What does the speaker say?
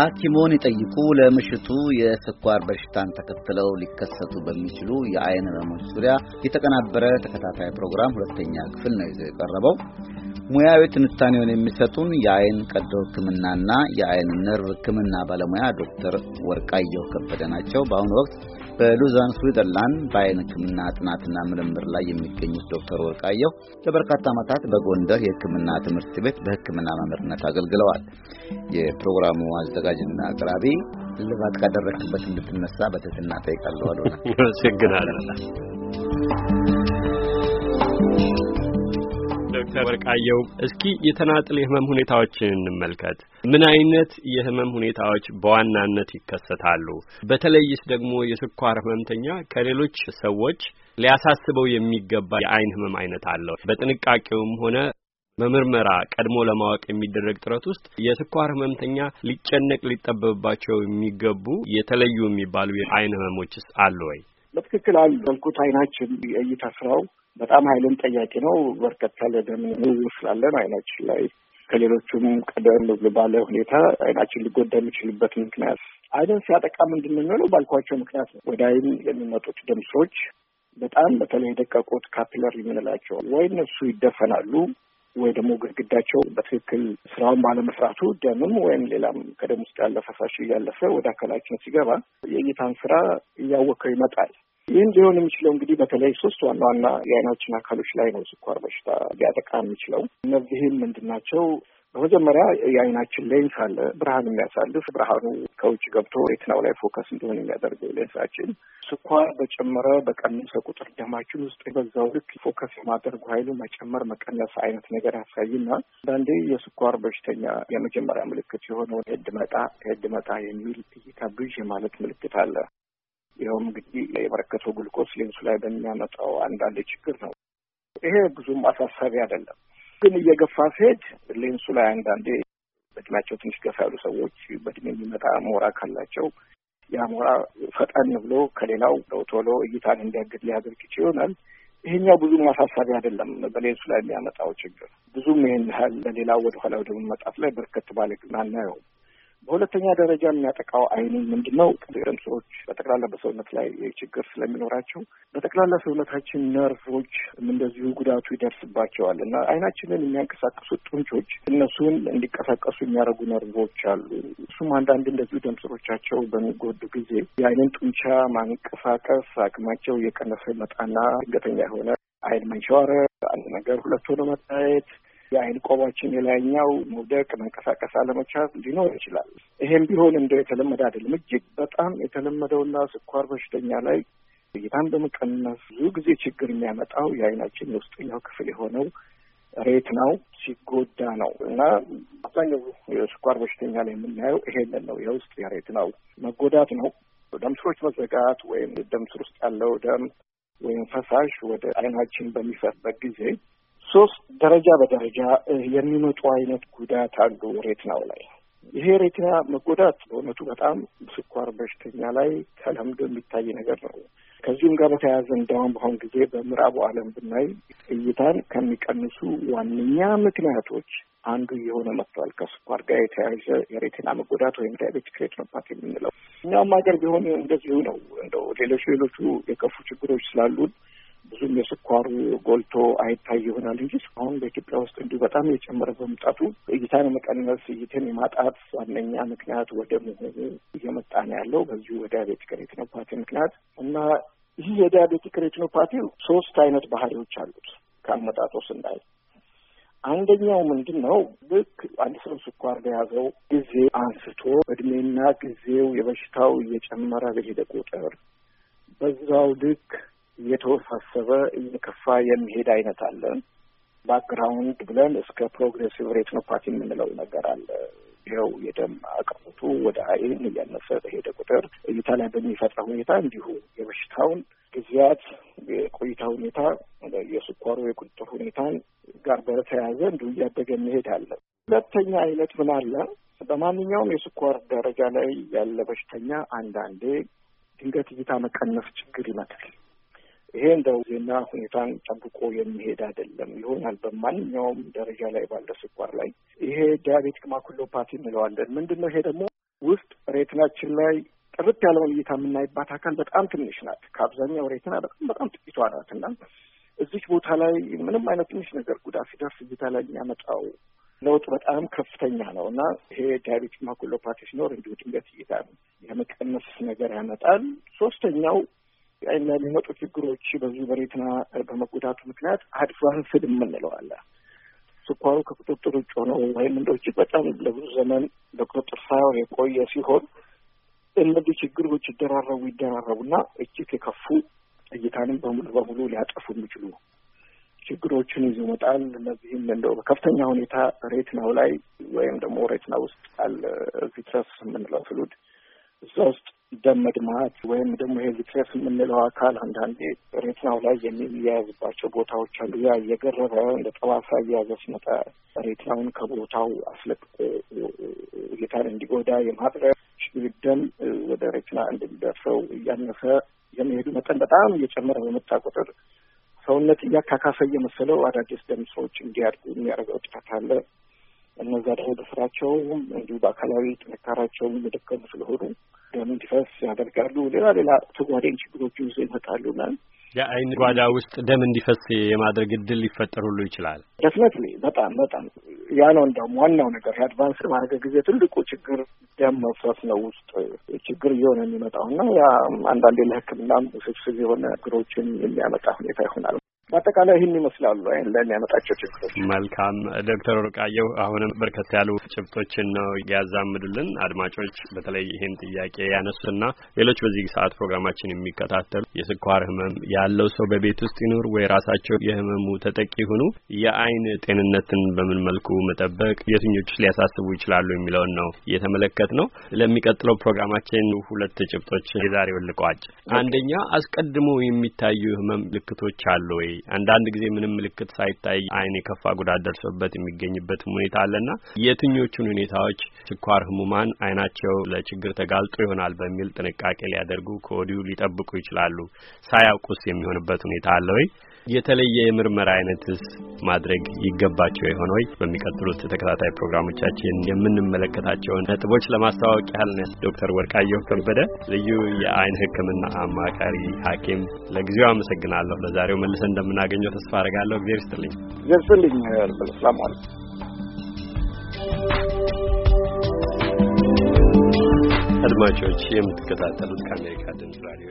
ሐኪሞን ይጠይቁ ለምሽቱ የስኳር በሽታን ተከትለው ሊከሰቱ በሚችሉ የአይን ህመሞች ዙሪያ የተቀናበረ ተከታታይ ፕሮግራም ሁለተኛ ክፍል ነው ይዘው የቀረበው። ሙያዊ ትንታኔውን የሚሰጡን የአይን ቀዶ ህክምናና የአይን ነርቭ ህክምና ባለሙያ ዶክተር ወርቃየሁ ከበደ ናቸው። በአሁኑ ወቅት በሉዛን ስዊዘርላንድ በአይን ሕክምና ጥናትና ምርምር ላይ የሚገኙት ዶክተር ወርቃየሁ ለበርካታ ዓመታት በጎንደር የሕክምና ትምህርት ቤት በሕክምና መምህርነት አገልግለዋል። የፕሮግራሙ አዘጋጅና አቅራቢ ልባት ካደረግክበት እንድትነሳ በትህትና ጠይቃለሁ። አሉላ አመሰግናለሁ። ዶክተር ወርቃየው እስኪ የተናጥል የህመም ሁኔታዎችን እንመልከት። ምን አይነት የህመም ሁኔታዎች በዋናነት ይከሰታሉ? በተለይስ ደግሞ የስኳር ህመምተኛ ከሌሎች ሰዎች ሊያሳስበው የሚገባ የአይን ህመም አይነት አለው? በጥንቃቄውም ሆነ በምርመራ ቀድሞ ለማወቅ የሚደረግ ጥረት ውስጥ የስኳር ህመምተኛ ሊጨነቅ ሊጠበብባቸው የሚገቡ የተለዩ የሚባሉ የአይን ህመሞችስ አሉ ወይ? በትክክል አሉ። ያልኩት አይናችን የእይታ ስራው በጣም ኃይልን ጠያቂ ነው። በርከት ያለ ደም ዝውውር ስላለን አይናችን ላይ ከሌሎቹም ቀደም ባለ ሁኔታ አይናችን ሊጎዳ የሚችልበት ምክንያት አይንን ሲያጠቃ ምንድን የሚሆነው? ባልኳቸው ምክንያት ነው። ወደ አይን የሚመጡት ደም ስሮች በጣም በተለይ የደቀቁት ካፒለር የምንላቸው ወይ እነሱ ይደፈናሉ ወይ ደግሞ ግድግዳቸው በትክክል ስራውን ባለመስራቱ ደምም ወይም ሌላም ከደም ውስጥ ያለ ፈሳሽ እያለፈ ወደ አካላችን ሲገባ የእይታን ስራ እያወከው ይመጣል። ይህም ሊሆን የሚችለው እንግዲህ በተለይ ሶስት ዋና ዋና የአይናችን አካሎች ላይ ነው ስኳር በሽታ ሊያጠቃ የሚችለው። እነዚህም ምንድን ናቸው? በመጀመሪያ የአይናችን ሌንስ አለ፣ ብርሃን የሚያሳልፍ ብርሃኑ ከውጭ ገብቶ ሬትናው ላይ ፎከስ እንዲሆን የሚያደርገው ሌንሳችን ስኳር በጨመረ በቀነሰ ቁጥር ደማችን ውስጥ የበዛው ልክ ፎከስ የማደርጉ ኃይሉ መጨመር መቀነስ አይነት ነገር ያሳይና አንዳንዴ የስኳር በሽተኛ የመጀመሪያ ምልክት የሆነውን ሄድ መጣ ሄድ መጣ የሚል እይታ ብዥ የማለት ምልክት አለ። ይኸውም እንግዲህ የበረከተው ግልቆስ ሌንሱ ላይ በሚያመጣው አንዳንድ ችግር ነው። ይሄ ብዙም አሳሳቢ አይደለም፣ ግን እየገፋ ሲሄድ ሌንሱ ላይ አንዳንዴ በእድሜያቸው ትንሽ ገፋ ያሉ ሰዎች በእድሜ የሚመጣ ሞራ ካላቸው ያ ሞራ ፈጠን ብሎ ከሌላው ቶሎ እይታን እንዲያግድ ሊያደርግ ይችል ይሆናል። ይሄኛው ብዙም አሳሳቢ አይደለም። በሌንሱ ላይ የሚያመጣው ችግር ብዙም ይህን ያህል ለሌላው ወደኋላ ወደ መመጣት ላይ በርከት ባለ ግን አናየውም። በሁለተኛ ደረጃ የሚያጠቃው አይንን ምንድን ነው? ደም ስሮች በጠቅላላ በሰውነት ላይ ችግር ስለሚኖራቸው በጠቅላላ ሰውነታችን ነርቮች እንደዚሁ ጉዳቱ ይደርስባቸዋል እና አይናችንን የሚያንቀሳቀሱ ጡንቾች እነሱን እንዲቀሳቀሱ የሚያደርጉ ነርቮች አሉ። እሱም አንዳንድ እንደዚሁ ደም ስሮቻቸው በሚጎዱ ጊዜ የአይንን ጡንቻ ማንቀሳቀስ አቅማቸው የቀነሰ መጣና ድንገተኛ የሆነ አይን መንሸዋረ አንድ ነገር ሁለት ሆኖ መታየት የአይን ቆባችን የላይኛው መውደቅ፣ መንቀሳቀስ አለመቻት ሊኖር ይችላል። ይሄም ቢሆን እንደው የተለመደ አይደለም። እጅግ በጣም የተለመደውና ስኳር በሽተኛ ላይ እይታን በመቀነስ ብዙ ጊዜ ችግር የሚያመጣው የአይናችን የውስጠኛው ክፍል የሆነው ሬት ነው ሲጎዳ ነው እና አብዛኛው የስኳር በሽተኛ ላይ የምናየው ይሄንን ነው። የውስጥ የሬት ነው መጎዳት ነው። ደም ስሮች መዘጋት ወይም ደም ስር ውስጥ ያለው ደም ወይም ፈሳሽ ወደ አይናችን በሚፈስበት ጊዜ ሶስት ደረጃ በደረጃ የሚመጡ አይነት ጉዳት አሉ ሬትናው ላይ ይሄ ሬትና መጎዳት በእውነቱ በጣም ስኳር በሽተኛ ላይ ተለምዶ የሚታይ ነገር ነው። ከዚሁም ጋር በተያያዘ እንደውም በአሁን ጊዜ በምዕራቡ ዓለም ብናይ እይታን ከሚቀንሱ ዋነኛ ምክንያቶች አንዱ የሆነ መጥቷል። ከስኳር ጋር የተያያዘ የሬቲና መጎዳት ወይም ዳያቤቲክ ሬቲኖፓቲ የምንለው እኛውም ሀገር ቢሆን እንደዚሁ ነው። እንደው ሌሎች ሌሎቹ የከፉ ችግሮች ስላሉን ብዙም የስኳሩ ጎልቶ አይታይ ይሆናል እንጂ እስካሁን በኢትዮጵያ ውስጥ እንዲሁ በጣም የጨመረ በመምጣቱ እይታን መቀነስ፣ እይትን የማጣት ዋነኛ ምክንያት ወደ መሆኑ እየመጣ ነው ያለው በዚሁ የዲያቤቲክ ሬቲኖፓቲ ምክንያት እና ይህ የዲያቤቲክ ሬቲኖፓቲ ሶስት አይነት ባህሪዎች አሉት ከአመጣጦ ስናይ አንደኛው ምንድን ነው? ልክ አንድ ሰው ስኳር በያዘው ጊዜ አንስቶ እድሜና ጊዜው የበሽታው እየጨመረ በሄደ ቁጥር በዛው ልክ እየተወሳሰበ እየከፋ የሚሄድ አይነት አለ። ባክግራውንድ ብለን እስከ ፕሮግሬሲቭ ሬቲኖፓቲ የምንለው ነገር አለ። ይኸው የደም አቅርቦቱ ወደ አይን እያነሰ በሄደ ቁጥር እይታ ላይ በሚፈጥረው ሁኔታ እንዲሁ የበሽታውን ጊዜያት የቆይታ ሁኔታ የስኳሩ የቁጥጥር ሁኔታን ጋር በተያያዘ እንዲሁ እያደገ መሄድ አለ። ሁለተኛ አይነት ምን አለ? በማንኛውም የስኳር ደረጃ ላይ ያለ በሽተኛ አንዳንዴ ድንገት እይታ መቀነስ ችግር ይመጣል። ይሄ እንደው ዜና ሁኔታን ጠብቆ የሚሄድ አይደለም ይሆናል። በማንኛውም ደረጃ ላይ ባለ ስኳር ላይ ይሄ ዲያቤቲክ ማኩሎፓቲ እንለዋለን። ምንድን ነው ይሄ ደግሞ ውስጥ ሬትናችን ላይ ጥርት ያለውን እይታ የምናይባት አካል በጣም ትንሽ ናት። ከአብዛኛው ሬትና በጣም በጣም ጥቂቷ ናት እና እዚች ቦታ ላይ ምንም አይነት ትንሽ ነገር ጉዳት ሲደርስ እይታ ላይ የሚያመጣው ለውጥ በጣም ከፍተኛ ነው እና ይሄ ዲያቤቲክ ማኩሎፓቲ ሲኖር እንዲሁ ድንገት እይታ የመቀነስ ነገር ያመጣል። ሶስተኛው ለሚመጡ ችግሮች በዚህ በሬትና በመጎዳቱ ምክንያት አድቫንስድ የምንለው አለ። ስኳሩ ከቁጥጥር ውጭ ሆነው ወይም እንደ ውጭ በጣም ለብዙ ዘመን በቁጥጥር ሳይሆን የቆየ ሲሆን እነዚህ ችግሮች ይደራረቡ ይደራረቡና እጅግ የከፉ እይታንም በሙሉ በሙሉ ሊያጠፉ የሚችሉ ችግሮችን ይዞ ይመጣል። እነዚህም እንደው በከፍተኛ ሁኔታ ሬትናው ላይ ወይም ደግሞ ሬትና ውስጥ አለ ቪትረስ የምንለው ፍሉድ እዛ ውስጥ ደም መድማት ወይም ደግሞ ይሄ ዩትረስ የምንለው አካል አንዳንዴ ሬትናው ላይ የሚያያዝባቸው ቦታዎች አሉ። ያ እየገረበ እንደ ጠባሳ እያያዘ ሲመጣ ሬትናውን ከቦታው አስለቅቆ ጌታን እንዲጎዳ የማድረግ ደም ወደ ሬትና እንደሚደርሰው እያነሰ የመሄዱ መጠን በጣም እየጨመረ በመጣ ቁጥር ሰውነት እያካካሰ እየመሰለው አዳዲስ ደም ሰዎች እንዲያድጉ የሚያደርገው ጥረት አለ። እነዛ ደግሞ በስራቸውም እንዲሁ በአካላዊ ጥንካራቸውም የደከሙ ስለሆኑ ደም እንዲፈስ ያደርጋሉ። ሌላ ሌላ ተጓዳኝ ችግሮችን ይዞ ማለት የአይን ጓዳ ውስጥ ደም እንዲፈስ የማድረግ እድል ሊፈጠር ሁሉ ይችላል። ደፍነትሊ በጣም በጣም ያ ነው እንደውም ዋናው ነገር የአድቫንስ ማድረግ ጊዜ ትልቁ ችግር ደም መፍሰስ ነው ውስጥ ችግር እየሆነ የሚመጣው እና ያ አንዳንዴ ለሕክምናም ውስብስብ የሆነ ችግሮችን የሚያመጣ ሁኔታ ይሆናል። በአጠቃላይ ይህን ይመስላሉ ለሚያመጣቸው ችግሮች። መልካም ዶክተር ወርቃየሁ አሁንም በርከት ያሉ ጭብጦችን ነው ያዛምዱልን። አድማጮች በተለይ ይህን ጥያቄ ያነሱና ሌሎች በዚህ ሰዓት ፕሮግራማችን የሚከታተሉ የስኳር ህመም ያለው ሰው በቤት ውስጥ ይኑር ወይ ራሳቸው የህመሙ ተጠቂ ይሁኑ፣ የአይን ጤንነትን በምን መልኩ መጠበቅ፣ የትኞቹ ሊያሳስቡ ይችላሉ የሚለውን ነው እየተመለከት ነው። ለሚቀጥለው ፕሮግራማችን ሁለት ጭብጦች የዛሬውን ልቋጭ። አንደኛ አስቀድሞ የሚታዩ ህመም ምልክቶች አሉ ወይ አንዳንድ ጊዜ ምንም ምልክት ሳይታይ አይን የከፋ ጉዳት ደርሶበት የሚገኝበትም ሁኔታ አለና የትኞቹን ሁኔታዎች ስኳር ህሙማን አይናቸው ለችግር ተጋልጦ ይሆናል በሚል ጥንቃቄ ሊያደርጉ ከወዲሁ ሊጠብቁ ይችላሉ? ሳያውቁስ የሚሆንበት ሁኔታ አለ ወይ? የተለየ የምርመራ አይነትስ ማድረግ ይገባቸው የሆነ ወይ? በሚቀጥሉት ተከታታይ ፕሮግራሞቻችን የምንመለከታቸውን ነጥቦች ለማስተዋወቅ ያህል ዶክተር ወርቃየሁ ከበደ ልዩ የአይን ሕክምና አማካሪ ሐኪም ለጊዜው አመሰግናለሁ። ለዛሬው መልሰን እንደምናገኘው ተስፋ አድርጋለሁ። እግዜር ይስጥልኝ። እግዜር ይስጥልኝ። ሰላም አድማጮች የምትከታተሉት ከአሜሪካ ድምጽ ራዲዮ